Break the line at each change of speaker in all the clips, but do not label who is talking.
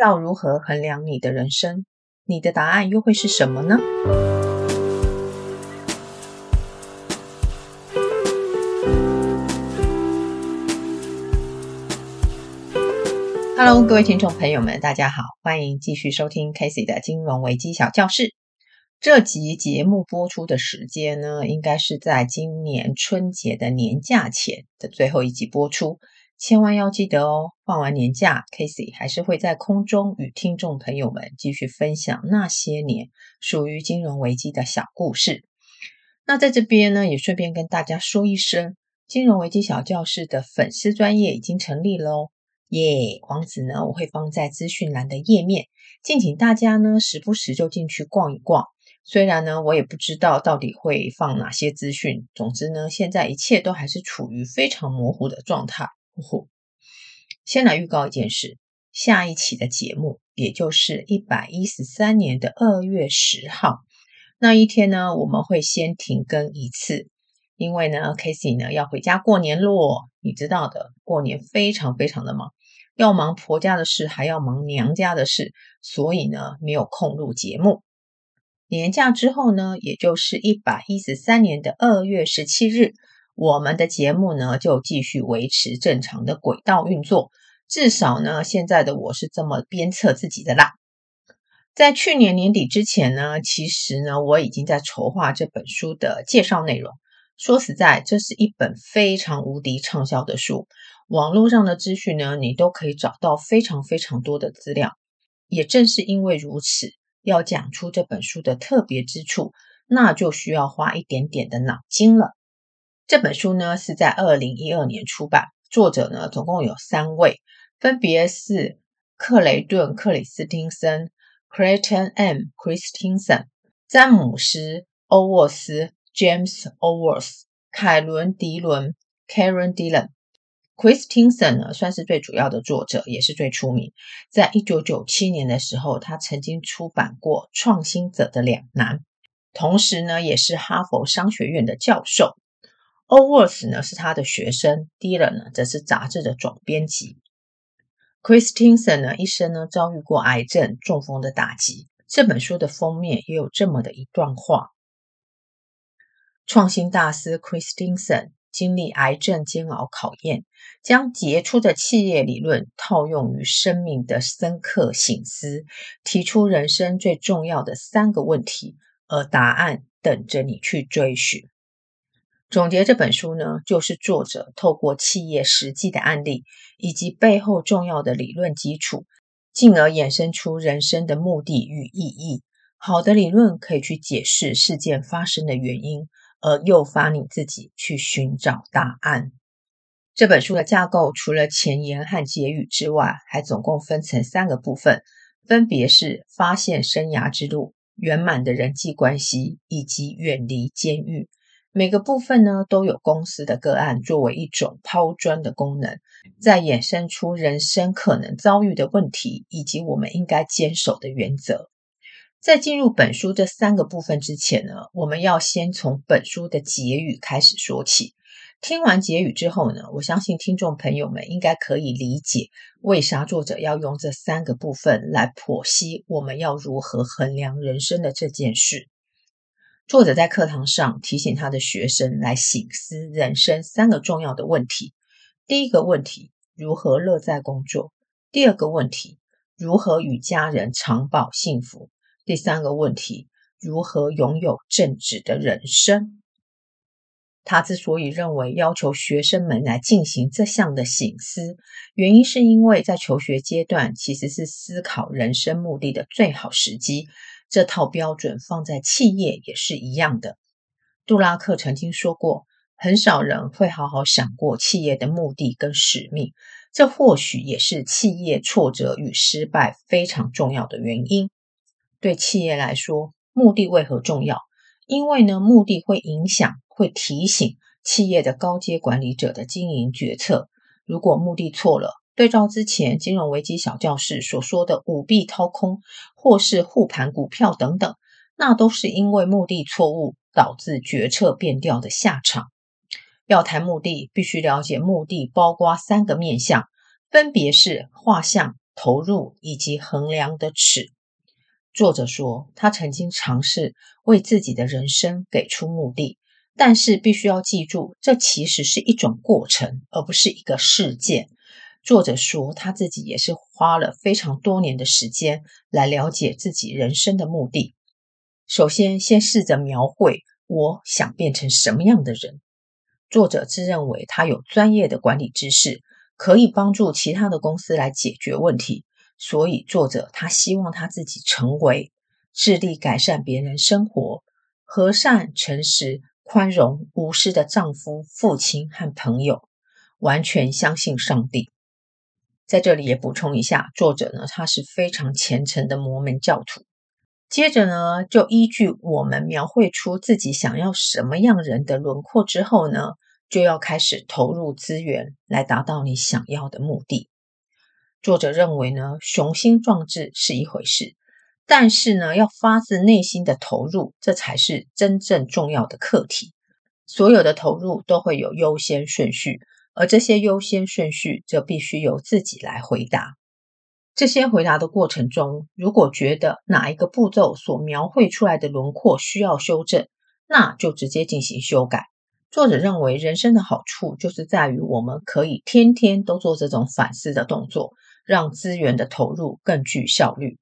要如何衡量你的人生？你的答案又會是什麼呢？Hello，各位聽眾朋友們，大家好，歡迎繼續收聽 Casey 的金融危機小教室。這集節目播出的時間呢，應該是在今年春節的年假前的最後一集播出。千萬要記得哦！放完年假，Casey 還是會在空中與聽眾朋友們繼續分享那些年屬於金融危機的小故事。那在這邊呢，也順便跟大家說一聲，金融危機小教室的粉絲專頁已經成立咯。耶！網址呢，我會放在資訊欄的頁面，敬請大家呢時不時就進去逛一逛。雖然呢，我也不知道到底會放哪些資訊，總之呢，現在一切都還是處於非常模糊的狀態。先來預告一件事，下一期的節目，也就是一百一十三年的二月十號那一天呢，我們會先停更一次，因為呢 Casey 呢要回家過年咯，你知道的，過年非常非常的忙，要忙婆家的事，還要忙娘家的事，所以呢，沒有空錄節目。年假之後呢，也就是一百一十三年的二月十七日。我們的節目呢，就繼續維持正常的軌道運作。至少呢，現在的我是這麼鞭策自己的啦。在去年年底之前呢，其實呢，我已經在籌劃這本書的介紹內容。說實在，這是一本非常無敵暢銷的書，網絡上的資訊呢，你都可以找到非常非常多的資料。也正是因為如此，要講出這本書的特別之處，那就需要花一點點的腦筋了。這本書呢是在二零一二年出版，作者呢總共有三位，分別是克雷頓·克里斯汀森 c r a y t o n M. Christensen）、詹姆斯·歐沃斯 （James o v o l s 凱倫凱凱凱凱凱凱·迪倫 （Karen Dillon）。e n s e n 呢算是最主要的作者，也是最出名。在一九九七年的時候，他曾經出版過《創新者的兩難》，同時呢也是哈佛商學院的教授。Allworth 呢是他的學生，Dillon 呢則是雜誌的總編輯。Christensen 呢一生呢遭遇過癌症、中風的打擊。這本書的封面也有這麼的一段話：創新大師 Christensen 經歷癌症煎熬考驗，將傑出的企業理論套用於生命的深刻省思，提出人生最重要的三個問題，而答案等着你去追尋。總結這本書呢，就是作者透過企業實際的案例以及背後重要的理論基礎，進而衍生出人生的目的與意義。好的理論可以去解釋事件發生的原因，而誘發你自己去尋找答案。這本書的架構除了前言和結語之外，還總共分成三個部分，分別是發現生涯之路、圓滿的人際關係以及遠離監獄。每個部分呢，都有公司的個案作為一種拋磚的功能，再衍生出人生可能遭遇的問題，以及我們應該堅守的原則。在進入本書這三個部分之前呢，我們要先從本書的結語開始說起。聽完結語之後呢，我相信聽眾朋友們應該可以理解，為啥作者要用這三個部分來剖析我們要如何衡量人生的這件事。作者在課堂上提醒他的學生來省思人生三個重要的問題：第一個問題，如何樂在工作；第二個問題，如何與家人長保幸福；第三個問題，如何擁有正直的人生。他之所以認為要求學生們來進行這項的省思，原因是因為在求學階段其實是思考人生目的的最好時機。這套標準放在企業也是一樣的。杜拉克曾經說過，很少人會好好想過企業的目的跟使命，這或許也是企業挫折與失敗非常重要的原因。對企業來說，目的為何重要？因為呢，目的會影響、會提醒企業的高階管理者的經營決策。如果目的錯了，對照之前金融危機小教室所說的舞弊掏空，或是護盤股票等等，那都是因為目的錯誤導致決策變調的下場。要談目的，必須了解目的包括三個面向，分別是畫像、投入以及衡量的尺。作者說，他曾經嘗試為自己的人生給出目的，但是必須要記住，這其實是一種過程，而不是一個事件。作者說，他自己也是花了非常多年的時間來了解自己人生的目的。首先，先試着描繪我想變成什麼樣的人。作者自認為他有專業的管理知識，可以幫助其他的公司來解決問題。所以，作者他希望他自己成為致力改善別人生活、和善、誠實、寬容、無私的丈夫、父親和朋友，完全相信上帝。在這裡也補充一下，作者呢，他是非常虔誠的摩門教徒。接着呢，就依據我們描繪出自己想要什麼樣人的輪廓之後呢，就要開始投入資源來達到你想要的目的。作者認為呢，雄心壯志是一回事，但是呢，要發自內心的投入，這才是真正重要的課題。所有的投入都會有優先順序。而這些優先順序，則必須由自己來回答。這些回答的過程中，如果覺得哪一個步驟所描繪出來的輪廓需要修正，那就直接進行修改。作者認為，人生的好處就是在於我們可以天天都做這種反思的動作，讓資源的投入更具效率。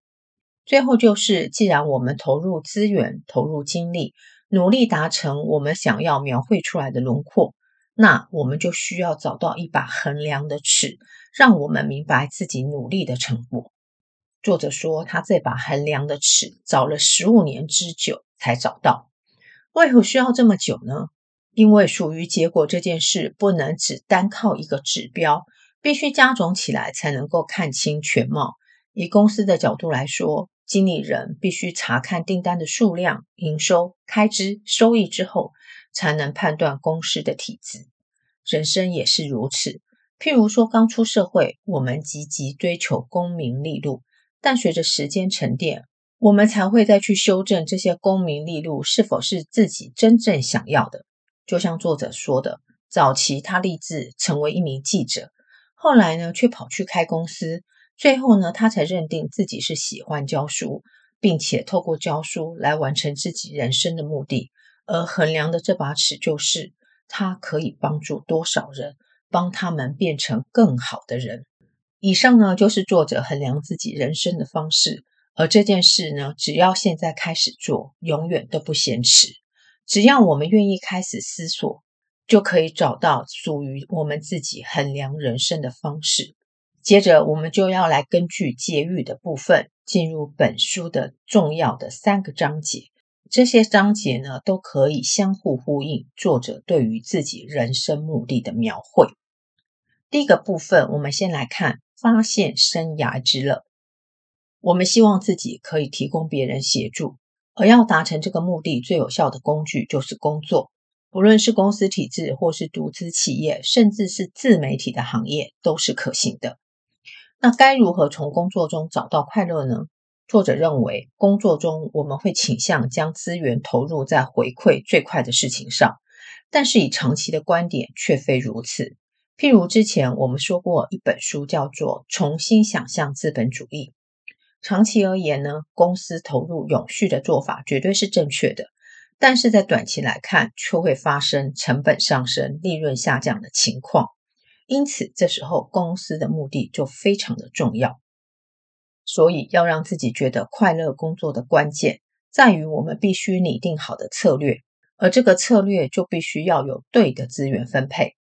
最後就是，既然我們投入資源、投入精力，努力達成我們想要描繪出來的輪廓。那我們就需要找到一把衡量的尺，讓我們明白自己努力的成果。作者說，他這把衡量的尺找了十五年之久才找到。為何需要這麼久呢？因為屬於結果這件事，不能只單靠一個指標，必須加總起來才能夠看清全貌。以公司的角度來說，經理人必須查看訂單的數量、營收、開支、收益之後。才能判斷公司的體制，人生也是如此。譬如說，剛出社會，我們積極追求功名利祿，但隨着時間沉澱，我們才會再去修正這些功名利祿是否是自己真正想要的。就像作者說的，早期他立志成為一名記者，後來呢，卻跑去開公司，最後呢，他才認定自己是喜歡教書，並且透過教書來完成自己人生的目的。而衡量的這把尺，就是它可以幫助多少人，幫他們變成更好的人。以上呢，就是作者衡量自己人生的方式。而這件事呢，只要現在開始做，永遠都不嫌遲。只要我們願意開始思索，就可以找到屬於我們自己衡量人生的方式。接着，我們就要來根據結語的部分，進入本書的重要的三個章節。這些章節呢，都可以相互呼應作者對於自己人生目的的描繪。第一個部分，我們先來看發現生涯之樂。我們希望自己可以提供別人協助，而要達成這個目的，最有效的工具就是工作。不論是公司體制，或是獨資企業，甚至是自媒體的行業，都是可行的。那該如何從工作中找到快樂呢？作者認為，工作中我們會傾向將資源投入在回饋最快的事情上，但是以長期的觀點卻非如此。譬如之前我們說過，一本書叫做《重新想象資本主義》。長期而言呢，公司投入永續的做法絕對是正確的，但是在短期來看，卻會發生成本上升、利潤下降的情況。因此，這時候公司的目的就非常的重要。所以，要讓自己覺得快樂工作的關鍵，在於我們必須擬定好的策略，而這個策略就必須要有對的資源分配。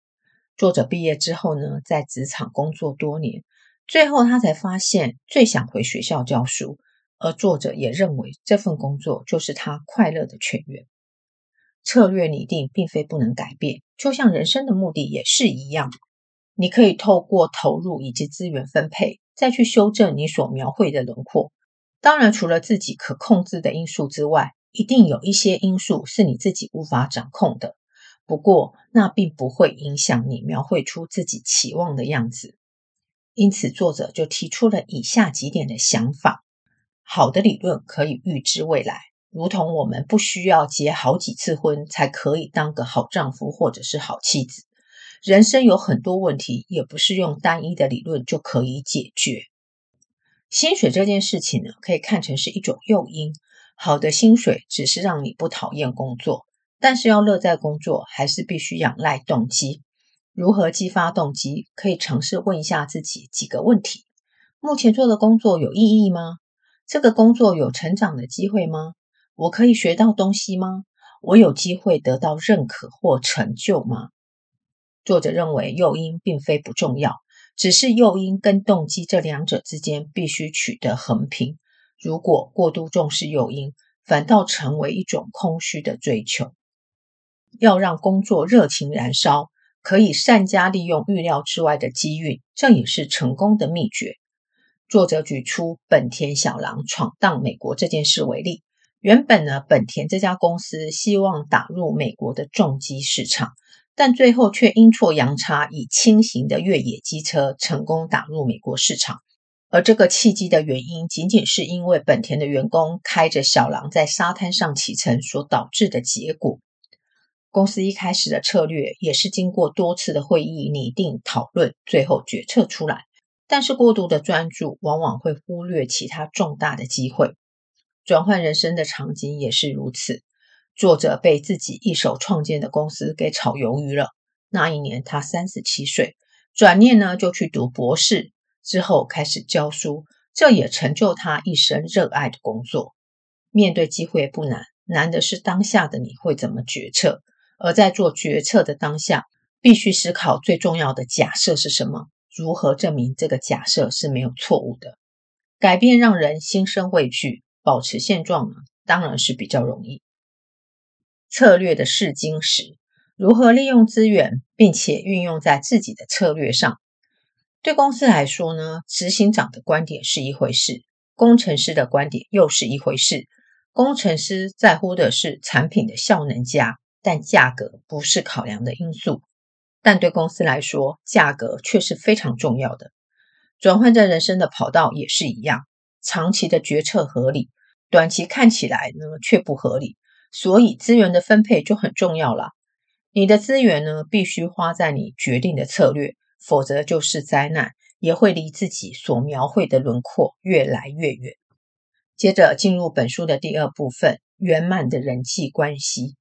作者畢業之後呢，在職場工作多年，最後他才發現最想回學校教書，而作者也認為這份工作就是他快樂的泉源。策略擬定並非不能改變，就像人生的目的也是一樣，你可以透過投入以及資源分配。再去修正你所描繪的輪廓。當然，除了自己可控制的因素之外，一定有一些因素是你自己無法掌控的。不過，那並不會影響你描繪出自己期望的樣子。因此，作者就提出了以下幾點的想法：好的理論可以預知未來，如同我們不需要結好幾次婚才可以當個好丈夫，或者是好妻子。人生有很多問題，也不是用單一的理論就可以解決。薪水這件事情呢，可以看成是一種誘因。好的薪水只是讓你不討厭工作，但是要樂在工作，還是必須仰賴動機。如何激發動機？可以嘗試問一下自己幾個問題。目前做的工作有意義嗎？這個工作有成長的機會嗎？我可以學到東西嗎？我有機會得到認可或成就嗎？作者認為，誘因並非不重要，只是誘因跟動機這兩者之間必須取得衡平。如果過度重視誘因，反倒成為一種空虛的追求。要讓工作熱情燃燒，可以善加利用預料之外的機遇，這也是成功的秘訣。作者舉出本田小狼闖蕩美國這件事為例。原本呢，本田這家公司希望打入美國的重機市場。但最後卻陰錯陽差，以輕型的越野機車成功打入美國市場。而這個契機的原因，僅僅是因為本田的員工開着小狼在沙灘上啟程所導致的結果。公司一開始的策略，也是經過多次的會議擬定、討論，最後決策出來。但是過度的專注，往往會忽略其他重大的機會。轉換人生的場景也是如此。作者被自己一手創建的公司給炒魷魚了。那一年他三十七歲，轉念呢就去讀博士，之後開始教書，這也成就他一生熱愛的工作。面對機會不難，難的是當下的你會怎麼決策？而在做決策的當下，必須思考最重要的假設是什麼？如何證明這個假設是沒有錯誤的？改變讓人心生畏懼，保持現狀呢，當然是比較容易。策略的試金石，如何利用資源，並且運用在自己的策略上。對公司來說呢，執行長的觀點是一回事，工程師的觀點又是一回事。工程師在乎的是產品的效能佳，但價格不是考量的因素。但對公司來說，價格卻是非常重要的。轉換在人生的跑道也是一樣，長期的決策合理，短期看起來呢卻不合理。所以資源的分配就很重要了。你的資源呢，必須花在你決定的策略，否則就是災難，也會離自己所描繪的輪廓越來越遠。接着進入本書的第二部分：圓滿的人際關係。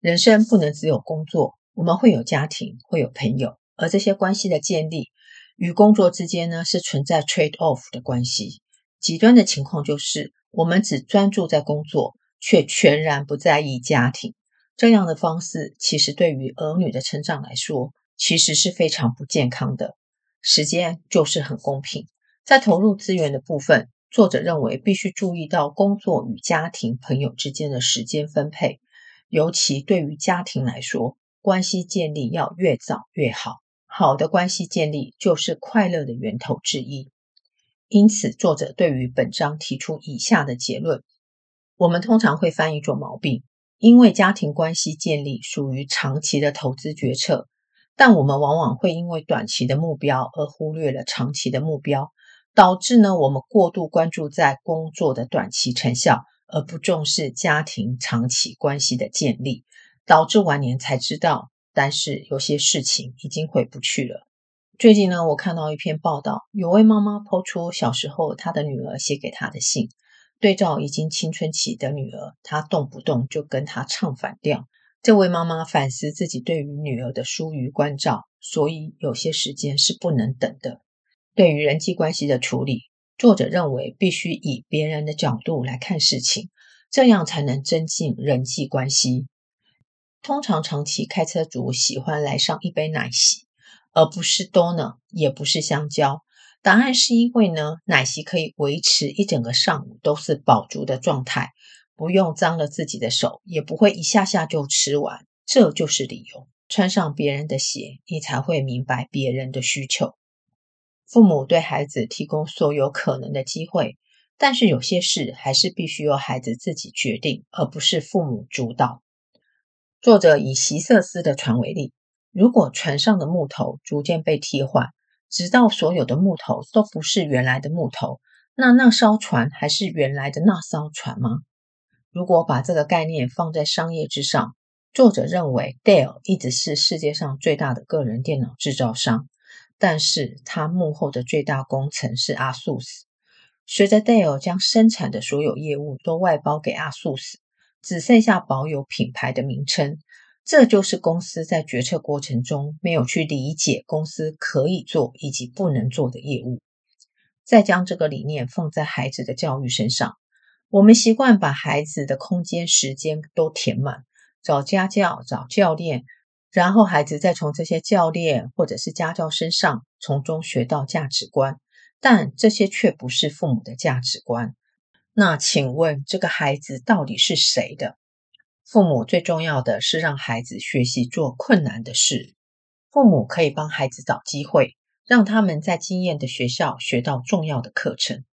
人生不能只有工作，我們會有家庭，會有朋友，而這些關係的建立與工作之間呢，是存在 trade off 的關係。極端的情況就是，我們只專注在工作。卻全然不在意家庭。這樣的方式，其實對於兒女的成長來說，其實是非常不健康的。時間就是很公平，在投入資源的部分，作者認為必須注意到工作與家庭、朋友之間的時間分配，尤其對於家庭來說，關係建立要越早越好。好的關係建立就是快樂的源頭之一。因此，作者對於本章提出以下的結論。我們通常會犯一種“毛病”，因為家庭關係建立屬於長期的投資決策，但我們往往會因為短期的目標而忽略了長期的目標，導致呢，我們過度關注在工作的短期成效，而不重視家庭長期關係的建立，導致晚年才知道，但是有些事情已經回不去了。最近呢，我看到一篇報道，有位媽媽 PO 出小時候她的女兒寫給她的信。對照已經青春期的女兒，她動不動就跟她唱反調。這位媽媽反思自己對於女兒的疏於關照，所以有些時間是不能等的。對於人際關係的處理，作者認為必須以別人的角度來看事情，這樣才能增進人際關係。通常，長期開車族喜歡來上一杯奶昔，而不是 donut，也不是香蕉。答案是因為呢，奶昔可以維持一整個上午都是飽足的狀態，不用髒了自己的手，也不會一下下就吃完，這就是理由。穿上別人的鞋，你才會明白別人的需求。父母對孩子提供所有可能的機會，但是有些事還是必須由孩子自己決定，而不是父母主導。作者以希瑟斯的船為例，如果船上的木頭逐漸被替換。直到所有的木頭都不是原來的木頭，那那艘船還是原來的那艘船嗎？如果把這個概念放在商業之上，作者認為戴爾一直是世界上最大的個人電腦製造商，但是他幕後的最大功臣是 Asus，隨着戴爾將生產的所有業務都外包給 Asus，只剩下保有品牌的名稱。這就是公司在決策過程中沒有去理解公司可以做以及不能做的業務。再將這個理念放在孩子的教育身上，我們習慣把孩子的空間、時間都填滿，找家教、找教練，然後孩子再從這些教練或者是家教身上從中學到價值觀，但這些卻不是父母的價值觀。那請問，這個孩子到底是誰的？父母最重要的是讓孩子學習做困難的事。父母可以幫孩子找機會，讓他們在經驗的學校學到重要的課程。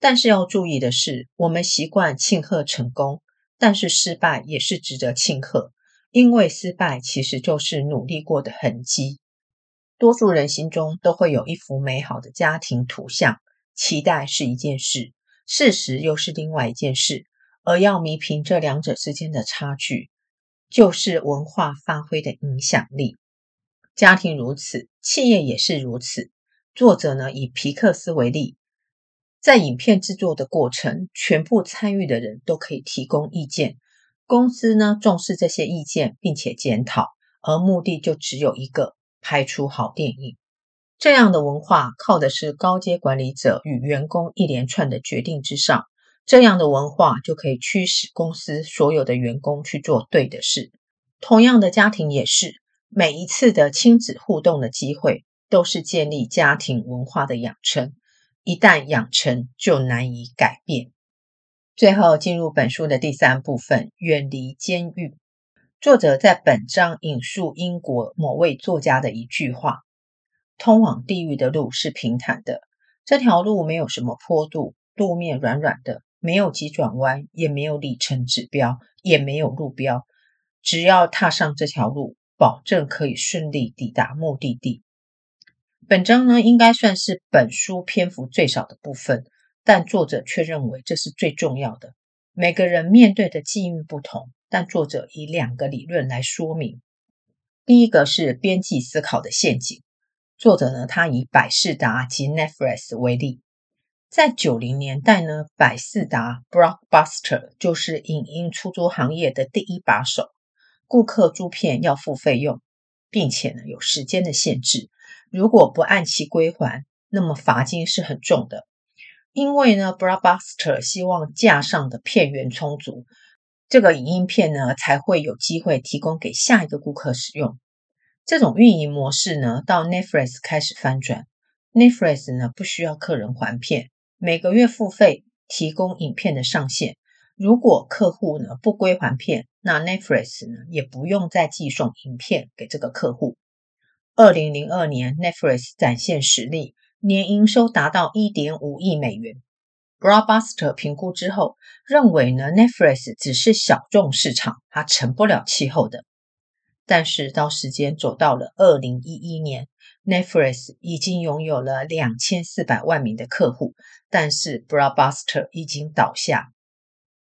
但是要注意的是，我們習慣慶賀成功，但是失敗也是值得慶賀，因為失敗其實就是努力過的痕跡。多數人心中都會有一幅美好的家庭圖像，期待是一件事，事實又是另外一件事。而要彌平這兩者之間的差距，就是文化發揮的影響力。家庭如此，企業也是如此。作者呢，以皮克斯為例，在影片製作的過程，全部參與的人都可以提供意見。公司呢，重視這些意見，並且檢討，而目的就只有一個：拍出好電影。這樣的文化靠的是高階管理者與員工一連串的決定之上。這樣的文化就可以驅使公司所有的員工去做對的事。同樣的，家庭也是，每一次的親子互動的機會都是建立家庭文化的養成。一旦養成，就難以改變。最後進入本書的第三部分，遠離監獄。作者在本章引述英國某位作家的一句話：“通往地獄的路是平坦的，這條路沒有什麼坡度，路面軟軟的。”沒有急轉彎，也沒有里程指標，也沒有路標。只要踏上這條路，保證可以順利抵達目的地。本章呢，應該算是本書篇幅最少的部分，但作者卻認為這是最重要的。每個人面對的境遇不同，但作者以兩個理論來說明。第一個是邊際思考的陷阱。作者呢，他以百事達及 Netflix 為例。在九零年代呢，百視達 （Blockbuster） 就是影音出租行業的第一把手。顧客租片要付費用，並且呢有時間的限制。如果不按期歸還，那麼罰金是很重的。因為呢，Blockbuster 希望架上的片源充足，這個影音片呢才會有機會提供給下一個顧客使用。這種運營模式呢，到 Netflix 開始翻轉。Netflix 呢不需要客人還片。每個月付費提供影片的上限，如果客戶呢不歸還片，那 Netflix 呢也不用再寄送影片給這個客戶。二零零二年，Netflix 展現實力，年營收達到一點五億美元。Blockbuster 評估之後認為呢，Netflix 只是小眾市場，它成不了氣候的。但是到時間走到了二零一一年。Netflix 已經擁有了兩千四百萬名的客戶，但是 Blockbuster 已經倒下。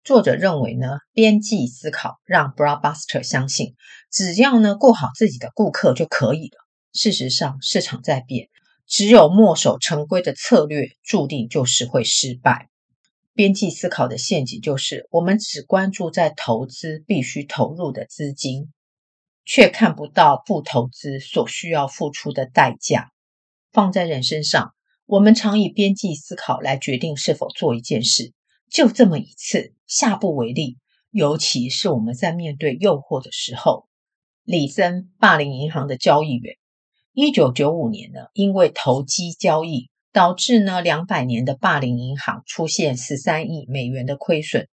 作者認為呢，邊際思考讓 Blockbuster 相信，只要呢顧好自己的顧客就可以了。事實上，市場在變，只有墨守成規的策略注定就是會失敗。邊際思考的陷阱就是，我們只關注在投資必須投入的資金。卻看不到不投資所需要付出的代價，放在人身上，我們常以邊際思考來決定是否做一件事，就這麼一次，下不為例。尤其是我們在面對誘惑的時候，李森霸凌銀行的交易員，一九九五年呢，因為投機交易導致呢，兩百年的霸凌銀行出現十三億美元的虧損。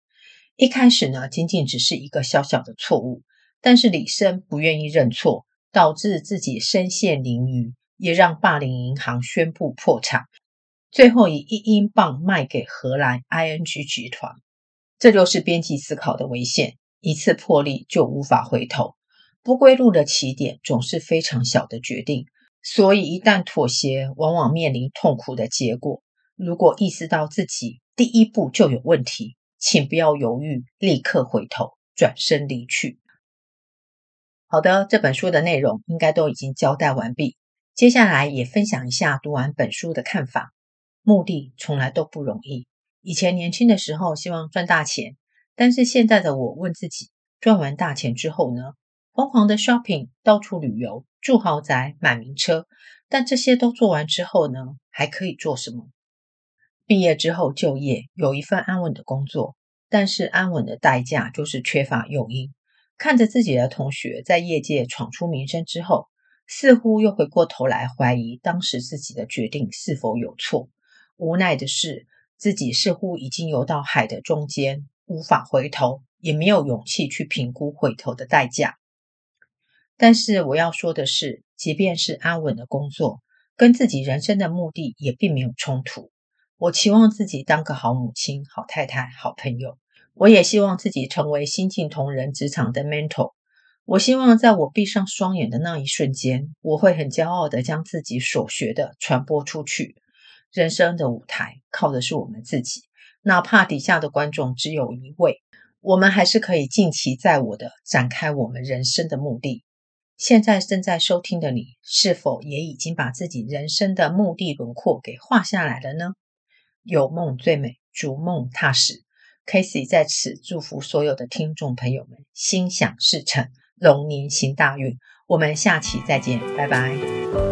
一開始呢，僅僅只是一個小小的錯誤。但是李生不願意認錯，導致自己身陷囹圄，也讓霸凌銀行宣布破產，最後以一英鎊賣給荷蘭 ING 集團。這就是邊際思考的危險，一次破例就無法回頭，不歸路的起點總是非常小的決定，所以一旦妥協，往往面臨痛苦的結果。如果意識到自己第一步就有問題，請不要猶豫，立刻回頭，轉身離去。好的，這本書的內容應該都已經交代完畢。接下來也分享一下讀完本書的看法。目的從來都不容易。以前年輕的時候希望賺大錢，但是現在的我問自己：賺完大錢之後呢？瘋狂的 shopping，到處旅遊，住豪宅，買名車，但這些都做完之後呢？還可以做什麼？畢業之後就業，有一份安穩的工作，但是安穩的代價就是缺乏誘因。看着自己的同學在業界闖出名聲之後，似乎又回過頭來懷疑當時自己的決定是否有錯。無奈的是，自己似乎已經游到海的中間，無法回頭，也沒有勇氣去評估回頭的代價。但是我要說的是，即便是安穩的工作，跟自己人生的目的也並沒有衝突。我期望自己當個好母親、好太太、好朋友。我也希望自己成為新進同仁職場的 mentor。我希望在我閉上雙眼的那一瞬間，我會很驕傲地將自己所學的傳播出去。人生的舞台靠的是我們自己，哪怕底下的觀眾只有一位，我們還是可以盡其在我的展開我們人生的目的。現在正在收聽的你，是否也已經把自己人生的目的輪廓給畫下來了呢？有夢最美，逐夢踏實。Casey 在此祝福所有的聽眾朋友們心想事成，龍年行大運。我們下期再見，拜拜。